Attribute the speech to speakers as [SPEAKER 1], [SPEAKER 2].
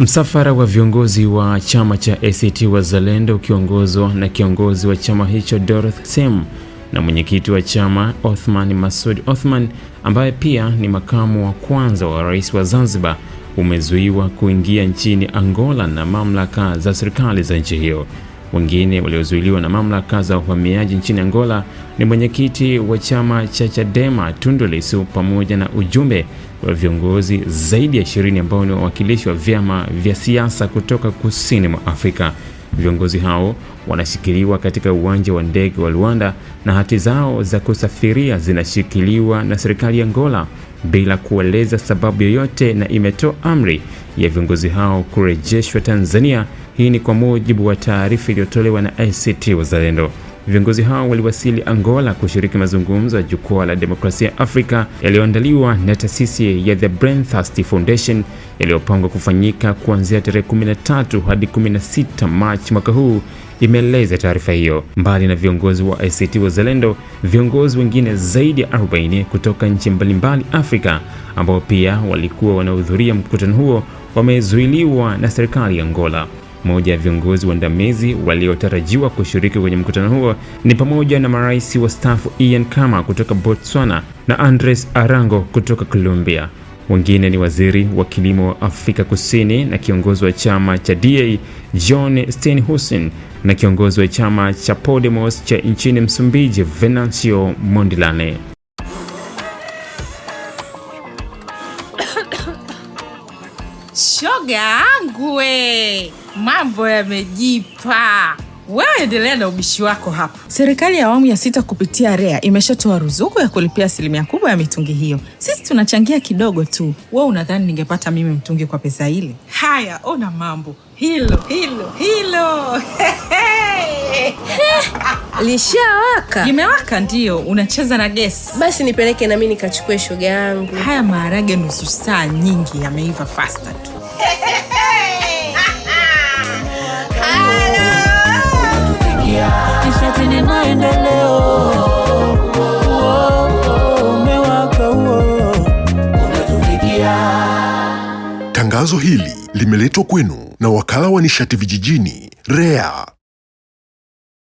[SPEAKER 1] Msafara wa viongozi wa chama cha ACT Wazalendo ukiongozwa na kiongozi wa chama hicho Dorothy Semu na mwenyekiti wa chama Othman Masoud Othman ambaye pia ni makamu wa kwanza wa rais wa Zanzibar umezuiwa kuingia nchini Angola na mamlaka za serikali za nchi hiyo. Wengine waliozuiliwa na mamlaka za uhamiaji nchini Angola ni mwenyekiti wa chama cha Chadema Tundu Lissu pamoja na ujumbe wa viongozi zaidi ya ishirini ambao ni wawakilishi wa vyama vya siasa kutoka kusini mwa Afrika. Viongozi hao wanashikiliwa katika uwanja wa ndege wa Luanda na hati zao za kusafiria zinashikiliwa na serikali ya Angola bila kueleza sababu yoyote, na imetoa amri ya viongozi hao kurejeshwa Tanzania. Hii ni kwa mujibu wa taarifa iliyotolewa na ACT Wazalendo. Viongozi hao waliwasili Angola kushiriki mazungumzo ya jukwaa la demokrasia Afrika yaliyoandaliwa na taasisi ya The Braintrust Foundation yaliyopangwa kufanyika kuanzia tarehe 13 hadi 16 Machi mwaka huu, imeeleza taarifa hiyo. Mbali na viongozi wa ACT Wazalendo, viongozi wengine zaidi ya 40 kutoka nchi mbalimbali Afrika ambao pia walikuwa wanahudhuria mkutano huo wamezuiliwa na serikali ya Angola. Moja ya viongozi waandamizi waliotarajiwa kushiriki kwenye mkutano huo ni pamoja na marais wastaafu Ian Kama kutoka Botswana na Andres Arango kutoka Colombia. Wengine ni waziri wa kilimo wa Afrika Kusini na kiongozi wa chama cha DA John Steenhuisen na kiongozi wa chama cha Podemos cha nchini Msumbiji Venancio Mondlane.
[SPEAKER 2] Shoga yangu we! mambo yamejipa. Wewe endelea na ubishi wako hapa
[SPEAKER 3] Serikali ya awamu ya sita kupitia REA imeshatoa ruzuku ya kulipia asilimia kubwa ya mitungi hiyo. Sisi tunachangia kidogo tu. we unadhani ningepata mimi mtungi kwa pesa ile?
[SPEAKER 2] Haya, ona mambo hilo hilo hilo.
[SPEAKER 4] Lishawaka,
[SPEAKER 3] limewaka. Ndio unacheza na gesi.
[SPEAKER 4] Basi nipeleke nami nikachukue shoga yangu.
[SPEAKER 3] Haya maharage nusu saa nyingi yameiva fasta tu.
[SPEAKER 5] Tangazo hili limeletwa kwenu na wakala wa nishati vijijini REA.